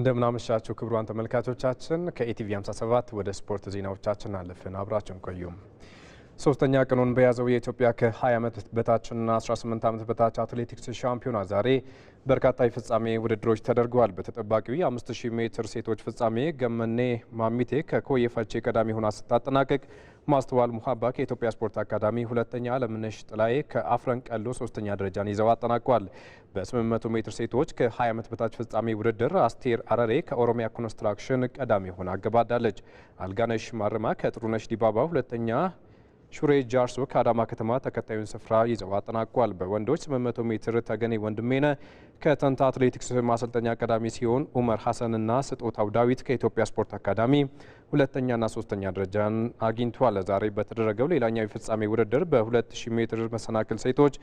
እንደምናመሻችሁ ክቡራን ተመልካቾቻችን ከኢቲቪ 57 ወደ ስፖርት ዜናዎቻችን አለፍን። አብራችን ቆዩም። ሶስተኛ ቀኑን በያዘው የኢትዮጵያ ከ20 ዓመት በታችና 18 ዓመት በታች አትሌቲክስ ሻምፒዮና ዛሬ በርካታ የፍጻሜ ውድድሮች ተደርገዋል። በተጠባቂው የ5000 ሜትር ሴቶች ፍጻሜ ገመኔ ማሚቴ ከኮየፋቼ ቀዳሚ ሆና ስታጠናቀቅ ማስተዋል ሙሀባ ከኢትዮጵያ ስፖርት አካዳሚ ሁለተኛ፣ አለምነሽ ጥላዬ ቀሎ ሶስተኛ ደረጃን ይዘው አጠናቋል። በ800 ሜትር ሴቶች ከ20 ዓመት በታች ፍጻሜ ውድድር አስቴር አረሬ ከኦሮሚያ ኮንስትራክሽን ቀዳሚ ሆና አገባዳለች። አልጋነሽ ማርማ ከጥሩነሽ ዲባባ ሁለተኛ ሹሬ ጃርሶ ከአዳማ ከተማ ተከታዩን ስፍራ ይዘው አጠናቋል። በወንዶች 800 ሜትር ተገኔ ወንድሜነ ከተንታ አትሌቲክስ ማሰልጠኛ ቀዳሚ ሲሆን ኡመር ሐሰንና ስጦታው ዳዊት ከኢትዮጵያ ስፖርት አካዳሚ ሁለተኛና ሶስተኛ ደረጃን አግኝቷል። ዛሬ በተደረገው ሌላኛው የፍጻሜ ውድድር በ2000 ሜትር መሰናክል ሴቶች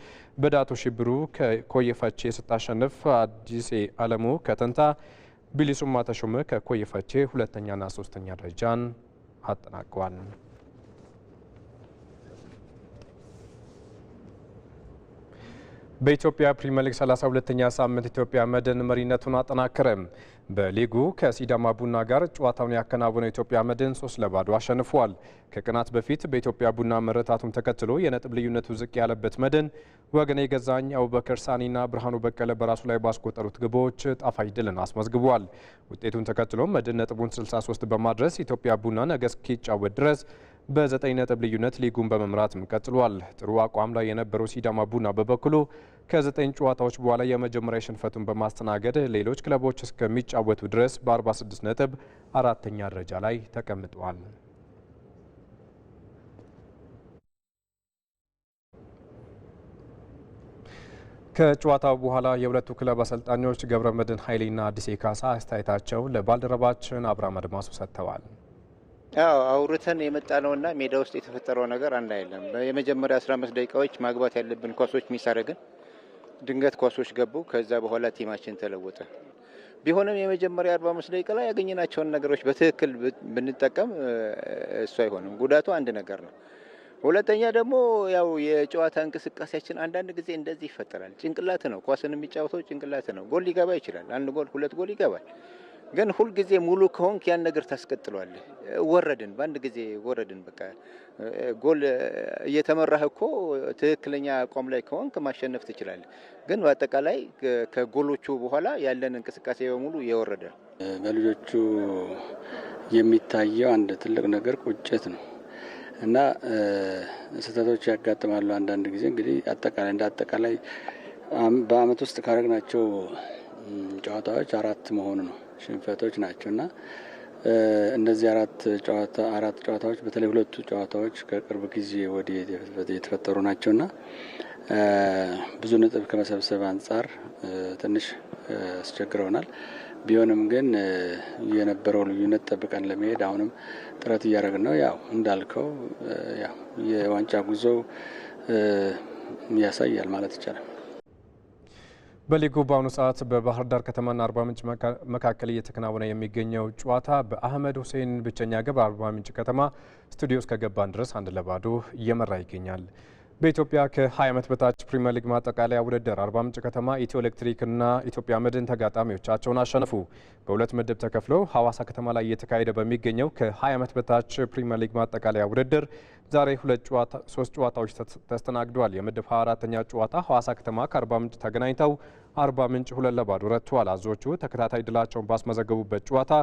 በዳቶ ሽብሩ ከኮየፋቼ ስታሸንፍ፣ አዲሴ አለሙ ከተንታ፣ ቢሊሱማ ተሾመ ከኮየፋቼ ሁለተኛና ሶስተኛ ደረጃን አጠናቀዋል። በኢትዮጵያ ፕሪሚየር ሊግ 32ኛ ሳምንት ኢትዮጵያ መድን መሪነቱን አጠናከረ። በሊጉ ከሲዳማ ቡና ጋር ጨዋታውን ያከናወነው ኢትዮጵያ መድን ሶስት ለባዶ አሸንፏል። ከቀናት በፊት በኢትዮጵያ ቡና መረታቱን ተከትሎ የነጥብ ልዩነቱ ዝቅ ያለበት መድን ወገኔ ገዛኝ፣ አቡበከር ሳኒና ብርሃኑ በቀለ በራሱ ላይ ባስቆጠሩት ግቦች ጣፋጭ ድልን አስመዝግቧል። ውጤቱን ተከትሎ መድን ነጥቡን 63 በማድረስ ኢትዮጵያ ቡና ነገ እስኪጫወት ድረስ በዘጠኝ ነጥብ ልዩነት ሊጉን በመምራትም ቀጥሏል። ጥሩ አቋም ላይ የነበረው ሲዳማ ቡና በበኩሉ ከዘጠኝ ጨዋታዎች በኋላ የመጀመሪያ ሽንፈቱን በማስተናገድ ሌሎች ክለቦች እስከሚጫወቱ ድረስ በ46 ነጥብ አራተኛ ደረጃ ላይ ተቀምጧል። ከጨዋታው በኋላ የሁለቱ ክለብ አሰልጣኞች ገብረ መድህን ኃይሌና አዲስ ካሳ አስተያየታቸው ለባልደረባችን አብርሃም አድማሱ ሰጥተዋል። አዎ አውርተን እና ሜዳ ውስጥ የተፈጠረው ነገር አንድ አይደለም። የመጀመሪያ 15 ደቂቃዎች ማግባት ያለብን ኳሶች ሚሳረግን ድንገት ኳሶች ገቡ። ከዛ በኋላ ቲማችን ተለወጠ። ቢሆንም የመጀመሪያ 45 ደቂቃ ላይ ያገኘናቸውን ነገሮች በትክክል ብንጠቀም እሱ አይሆንም። ጉዳቱ አንድ ነገር ነው። ሁለተኛ ደግሞ ያው የጨዋታ እንቅስቃሴያችን አንዳንድ ጊዜ እንደዚህ ይፈጠራል። ጭንቅላት ነው ኳስን የሚጫወተው ጭንቅላት ነው። ጎል ሊገባ ይችላል። አንድ ጎል፣ ሁለት ጎል ይገባል። ግን ሁልጊዜ ሙሉ ከሆንክ ያን ነገር ታስቀጥሏል ወረድን፣ በአንድ ጊዜ ወረድን። በቃ ጎል እየተመራህ እኮ ትክክለኛ አቋም ላይ ከሆንክ ማሸነፍ ትችላለህ። ግን በአጠቃላይ ከጎሎቹ በኋላ ያለን እንቅስቃሴ በሙሉ የወረደ በልጆቹ የሚታየው አንድ ትልቅ ነገር ቁጭት ነው እና ስህተቶች ያጋጥማሉ። አንዳንድ ጊዜ እንግዲህ አጠቃላይ እንደ አጠቃላይ በአመት ውስጥ ካደረግናቸው ጨዋታዎች አራት መሆኑ ነው ሽንፈቶች ናቸው እና እነዚህ አራት ጨዋታ አራት ጨዋታዎች በተለይ ሁለቱ ጨዋታዎች ከቅርብ ጊዜ ወዲህ የተፈጠሩ እና ብዙ ነጥብ ከመሰብሰብ አንጻር ትንሽ አስቸግረውናል። ቢሆንም ግን የነበረው ልዩነት ጠብቀን ለመሄድ አሁንም ጥረት እያደረግን ነው። ያው እንዳልከው ያው የዋንጫ ጉዞው ያሳያል ማለት ይቻላል። በሊጉ በአሁኑ ሰዓት በባህር ዳር ከተማና አርባ ምንጭ መካከል እየተከናወነ የሚገኘው ጨዋታ በአህመድ ሁሴን ብቸኛ ግብ አርባ ምንጭ ከተማ ስቱዲዮ እስከገባን ድረስ አንድ ለባዶ እየመራ ይገኛል። በኢትዮጵያ ከ20 ዓመት በታች ፕሪምየር ሊግ ማጠቃለያ ውድድር አርባ ምንጭ ከተማ ኢትዮ ኤሌክትሪክና ኢትዮጵያ መድን ተጋጣሚዎቻቸውን አሸነፉ። በሁለት ምድብ ተከፍለው ሐዋሳ ከተማ ላይ እየተካሄደ በሚገኘው ከ20 ዓመት በታች ፕሪምየር ሊግ ማጠቃለያ ውድድር ዛሬ ሁለት ጨዋታ ሶስት ጨዋታዎች ተስተናግደዋል። የምድብ 24 ጨዋታ ሐዋሳ ከተማ ከአርባ ምንጭ ተገናኝተው አርባ ምንጭ ሁለት ለባዶ ረትተዋል። አዞቹ ተከታታይ ድላቸውን ባስመዘገቡበት ጨዋታ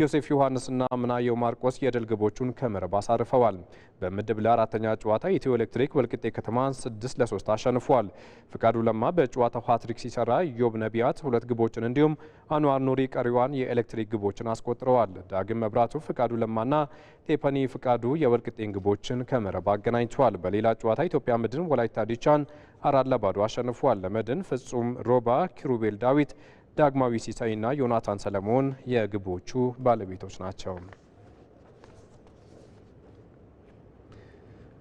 ዮሴፍ ዮሐንስና ምናየው ማርቆስ የድል ግቦቹን ከመረብ አሳርፈዋል። በምድብ ለአራተኛ ጨዋታ ኢትዮ ኤሌክትሪክ ወልቅጤ ከተማ 6 ለ3 አሸንፏል። ፍቃዱ ለማ በጨዋታው ሃትሪክ ሲሰራ ዮብ ነቢያት ሁለት ግቦችን እንዲሁም አንዋር ኑሪ ቀሪዋን የኤሌክትሪክ ግቦችን አስቆጥረዋል። ዳግም መብራቱ፣ ፍቃዱ ለማና ቴፐኒ ፍቃዱ የወልቅጤን ግቦችን ከመረብ አገናኝቷል። በሌላ ጨዋታ ኢትዮጵያ መድን ወላይታ ዲቻን አራት ለባዶ አሸንፏል። ለመድን ፍጹም ሮባ፣ ኪሩቤል ዳዊት፣ ዳግማዊ ሲሳይና ዮናታን ሰለሞን የግቦቹ ባለቤቶች ናቸው።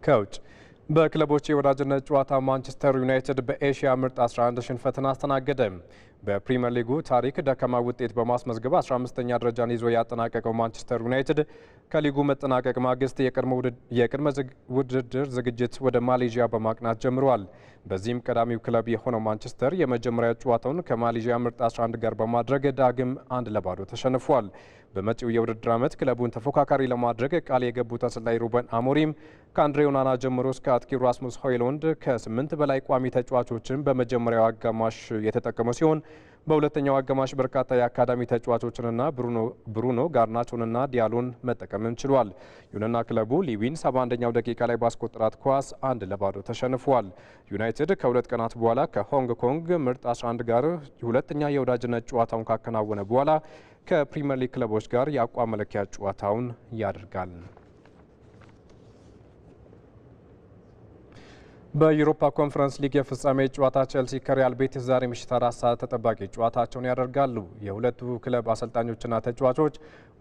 ከውጭ በክለቦች የወዳጅነት ጨዋታ ማንቸስተር ዩናይትድ በኤሽያ ምርጥ 11 ሽንፈትን አስተናገደ። በፕሪምየር ሊጉ ታሪክ ደካማ ውጤት በማስመዝገብ 15ኛ ደረጃን ይዞ ያጠናቀቀው ማንቸስተር ዩናይትድ ከሊጉ መጠናቀቅ ማግስት የቅድመ ውድድር ዝግጅት ወደ ማሌዥያ በማቅናት ጀምሯል። በዚህም ቀዳሚው ክለብ የሆነው ማንቸስተር የመጀመሪያ ጨዋታውን ከማሌዥያ ምርጥ 11 ጋር በማድረግ ዳግም አንድ ለባዶ ተሸንፏል። በመጪው የውድድር ዓመት ክለቡን ተፎካካሪ ለማድረግ ቃል የገቡት አሰልጣኝ ሩበን አሞሪም ከአንድሬ ኦናና ጀምሮ እስከ አጥቂው ራስሙስ ሆይሉንድ ከስምንት በላይ ቋሚ ተጫዋቾችን በመጀመሪያው አጋማሽ የተጠቀሙ ሲሆን በሁለተኛው አጋማሽ በርካታ የአካዳሚ ተጫዋቾችንና ብሩኖ ጋርናቾንና ዲያሎን መጠቀምም ችሏል። ይሁንና ክለቡ ሊዊን 71ኛው ደቂቃ ላይ ባስቆጠራት ኳስ አንድ ለባዶ ተሸንፏል። ዩናይትድ ከሁለት ቀናት በኋላ ከሆንግ ኮንግ ምርጥ 11 ጋር ሁለተኛ የወዳጅነት ጨዋታውን ካከናወነ በኋላ ከፕሪምየር ሊግ ክለቦች ጋር የአቋም መለኪያ ጨዋታውን ያደርጋል። በዩሮፓ ኮንፈረንስ ሊግ የፍጻሜ ጨዋታ ቸልሲ ከሪያል ቤቲስ ዛሬ ምሽት አራት ሰዓት ተጠባቂ ጨዋታቸውን ያደርጋሉ። የሁለቱ ክለብ አሰልጣኞችና ተጫዋቾች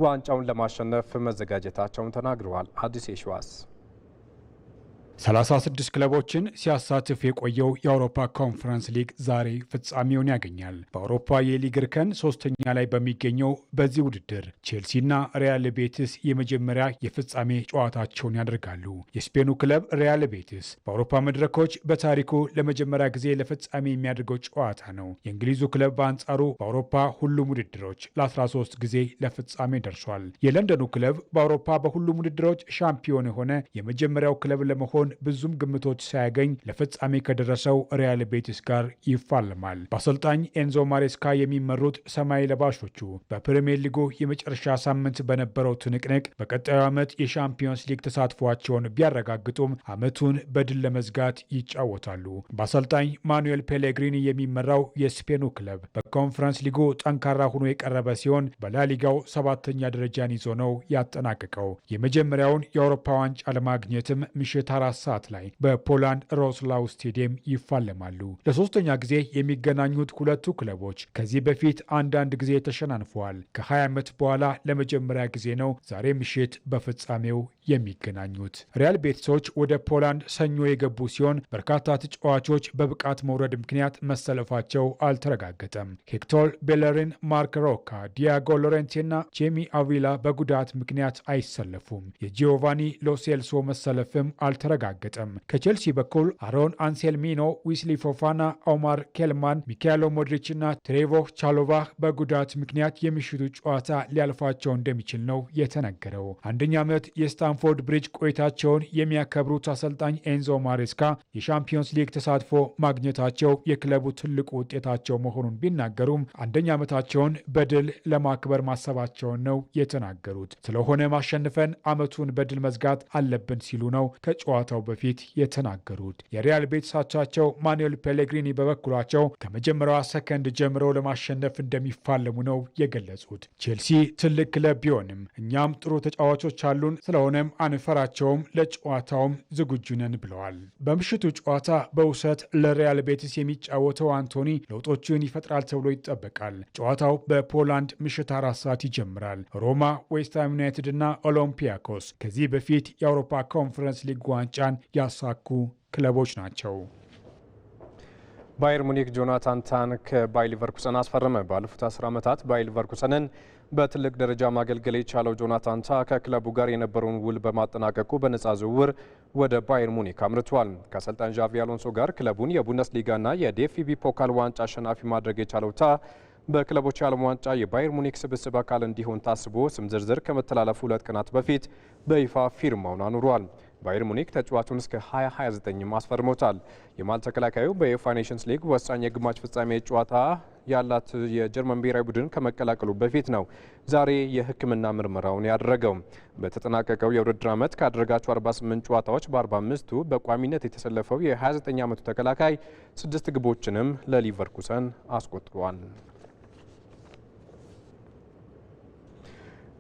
ዋንጫውን ለማሸነፍ መዘጋጀታቸውን ተናግረዋል። አዲስ የሸዋስ 36 ክለቦችን ሲያሳትፍ የቆየው የአውሮፓ ኮንፈረንስ ሊግ ዛሬ ፍጻሜውን ያገኛል። በአውሮፓ የሊግ እርከን ሶስተኛ ላይ በሚገኘው በዚህ ውድድር ቼልሲና ሪያል ቤትስ የመጀመሪያ የፍጻሜ ጨዋታቸውን ያደርጋሉ። የስፔኑ ክለብ ሪያል ቤትስ በአውሮፓ መድረኮች በታሪኩ ለመጀመሪያ ጊዜ ለፍጻሜ የሚያደርገው ጨዋታ ነው። የእንግሊዙ ክለብ በአንጻሩ በአውሮፓ ሁሉም ውድድሮች ለ13 ጊዜ ለፍጻሜ ደርሷል። የለንደኑ ክለብ በአውሮፓ በሁሉም ውድድሮች ሻምፒዮን የሆነ የመጀመሪያው ክለብ ለመሆን ሲሆን ብዙም ግምቶች ሳያገኝ ለፍጻሜ ከደረሰው ሪያል ቤቲስ ጋር ይፋለማል። በአሰልጣኝ ኤንዞ ማሬስካ የሚመሩት ሰማይ ለባሾቹ በፕሪምየር ሊጉ የመጨረሻ ሳምንት በነበረው ትንቅንቅ በቀጣዩ ዓመት የሻምፒዮንስ ሊግ ተሳትፏቸውን ቢያረጋግጡም ዓመቱን በድል ለመዝጋት ይጫወታሉ። በአሰልጣኝ ማኑኤል ፔሌግሪኒ የሚመራው የስፔኑ ክለብ በኮንፈረንስ ሊጉ ጠንካራ ሆኖ የቀረበ ሲሆን በላሊጋው ሰባተኛ ደረጃን ይዞ ነው ያጠናቀቀው። የመጀመሪያውን የአውሮፓ ዋንጫ ለማግኘትም ምሽት አራት አራት ሰዓት ላይ በፖላንድ ሮስላው ስቴዲየም ይፋለማሉ። ለሶስተኛ ጊዜ የሚገናኙት ሁለቱ ክለቦች ከዚህ በፊት አንዳንድ ጊዜ ተሸናንፈዋል። ከ20 ዓመት በኋላ ለመጀመሪያ ጊዜ ነው ዛሬ ምሽት በፍጻሜው የሚገናኙት። ሪያል ቤቲሶች ወደ ፖላንድ ሰኞ የገቡ ሲሆን በርካታ ተጫዋቾች በብቃት መውረድ ምክንያት መሰለፋቸው አልተረጋገጠም። ሄክቶር ቤለሪን፣ ማርክ ሮካ፣ ዲያጎ ሎሬንቴና ጄሚ አቪላ በጉዳት ምክንያት አይሰለፉም። የጂዮቫኒ ሎሴልሶ መሰለፍም አልተረጋ አልተረጋገጠም። ከቼልሲ በኩል አሮን አንሴልሚኖ፣ ዊስሊ ፎፋና፣ ኦማር ኬልማን፣ ሚካኤሎ ሞድሪች እና ትሬቮ ቻሎቫ በጉዳት ምክንያት የምሽቱ ጨዋታ ሊያልፋቸው እንደሚችል ነው የተነገረው። አንደኛ ዓመት የስታንፎርድ ብሪጅ ቆይታቸውን የሚያከብሩት አሰልጣኝ ኤንዞ ማሬስካ የሻምፒዮንስ ሊግ ተሳትፎ ማግኘታቸው የክለቡ ትልቁ ውጤታቸው መሆኑን ቢናገሩም አንደኛ ዓመታቸውን በድል ለማክበር ማሰባቸውን ነው የተናገሩት። ስለሆነ ማሸንፈን ዓመቱን በድል መዝጋት አለብን ሲሉ ነው ከጨዋታው ከጨዋታው በፊት የተናገሩት። የሪያል ቤቲስ አቻቸው ማኑኤል ፔሌግሪኒ በበኩላቸው ከመጀመሪያዋ ሰከንድ ጀምረው ለማሸነፍ እንደሚፋለሙ ነው የገለጹት። ቼልሲ ትልቅ ክለብ ቢሆንም እኛም ጥሩ ተጫዋቾች አሉን፣ ስለሆነም አንፈራቸውም፣ ለጨዋታውም ዝግጁ ነን ብለዋል። በምሽቱ ጨዋታ በውሰት ለሪያል ቤቲስ የሚጫወተው አንቶኒ ለውጦችን ይፈጥራል ተብሎ ይጠበቃል። ጨዋታው በፖላንድ ምሽት አራት ሰዓት ይጀምራል። ሮማ፣ ዌስትሃም ዩናይትድ እና ኦሎምፒያኮስ ከዚህ በፊት የአውሮፓ ኮንፈረንስ ሊግ ዋንጫ ዋንጫን ያሳኩ ክለቦች ናቸው። ባየር ሙኒክ ጆናታን ታንክ ባይ ሊቨርኩሰን አስፈረመ። ባለፉት አስር ዓመታት ባይ ሊቨርኩሰንን በትልቅ ደረጃ ማገልገል የቻለው ጆናታን ታ ከክለቡ ጋር የነበረውን ውል በማጠናቀቁ በነፃ ዝውውር ወደ ባየር ሙኒክ አምርቷል። ከአሰልጣኝ ዣቪ አሎንሶ ጋር ክለቡን የቡንደስሊጋና የዴፊቢ ፖካል ዋንጫ አሸናፊ ማድረግ የቻለው ታ በክለቦች የዓለም ዋንጫ የባየር ሙኒክ ስብስብ አካል እንዲሆን ታስቦ ስም ዝርዝር ከመተላለፉ ሁለት ቀናት በፊት በይፋ ፊርማውን አኑሯል። ባየር ሙኒክ ተጫዋቹን እስከ 2029 አስፈርሞታል። የማል ተከላካዩ በዩፋ ኔሽንስ ሊግ ወሳኝ የግማሽ ፍጻሜ ጨዋታ ያላት የጀርመን ብሔራዊ ቡድን ከመቀላቀሉ በፊት ነው ዛሬ የሕክምና ምርመራውን ያደረገው። በተጠናቀቀው የውድድር ዓመት ካደረጋቸው 48 ጨዋታዎች በ45ቱ በቋሚነት የተሰለፈው የ29 ዓመቱ ተከላካይ ስድስት ግቦችንም ለሊቨርኩሰን አስቆጥሯል።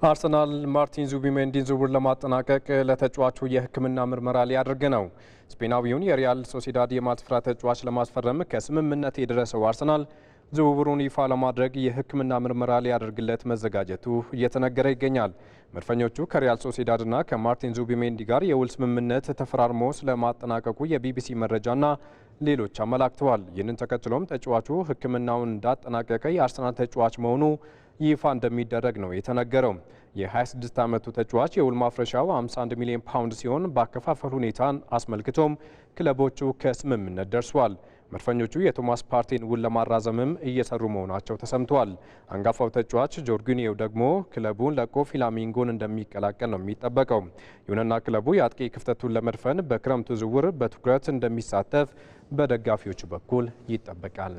አርሰናል ማርቲን ዙቢሜንዲን ዝውውር ለማጠናቀቅ ለተጫዋቹ የሕክምና ምርመራ ሊያደርግ ነው። ስፔናዊውን የሪያል ሶሲዳድ የማልስፍራ ተጫዋች ለማስፈረም ከስምምነት የደረሰው አርሰናል ዝውውሩን ይፋ ለማድረግ የሕክምና ምርመራ ሊያደርግለት መዘጋጀቱ እየተነገረ ይገኛል። መድፈኞቹ ከሪያል ሶሲዳድና ከማርቲን ዙቢሜንዲ ጋር የውል ስምምነት ተፈራርሞ ስለማጠናቀቁ የቢቢሲ መረጃና ሌሎች አመላክተዋል። ይህንን ተከትሎም ተጫዋቹ ሕክምናውን እንዳጠናቀቀ የአርሰናል ተጫዋች መሆኑ ይፋ እንደሚደረግ ነው የተነገረው። የ26 ዓመቱ ተጫዋች የውል ማፍረሻው 51 ሚሊዮን ፓውንድ ሲሆን በአከፋፈል ሁኔታን አስመልክቶም ክለቦቹ ከስምምነት ደርሷል። መድፈኞቹ የቶማስ ፓርቲን ውል ለማራዘምም እየሰሩ መሆናቸው ተሰምቷል። አንጋፋው ተጫዋች ጆርጊኒዮ ደግሞ ክለቡን ለቆ ፊላሚንጎን እንደሚቀላቀል ነው የሚጠበቀው። ይሁንና ክለቡ የአጥቂ ክፍተቱን ለመድፈን በክረምቱ ዝውውር በትኩረት እንደሚሳተፍ በደጋፊዎቹ በኩል ይጠበቃል።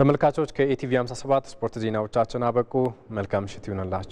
ተመልካቾች ከኢቲቪ 57 ስፖርት ዜናዎቻችን አበቁ። መልካም ምሽት ይሁንላችሁ።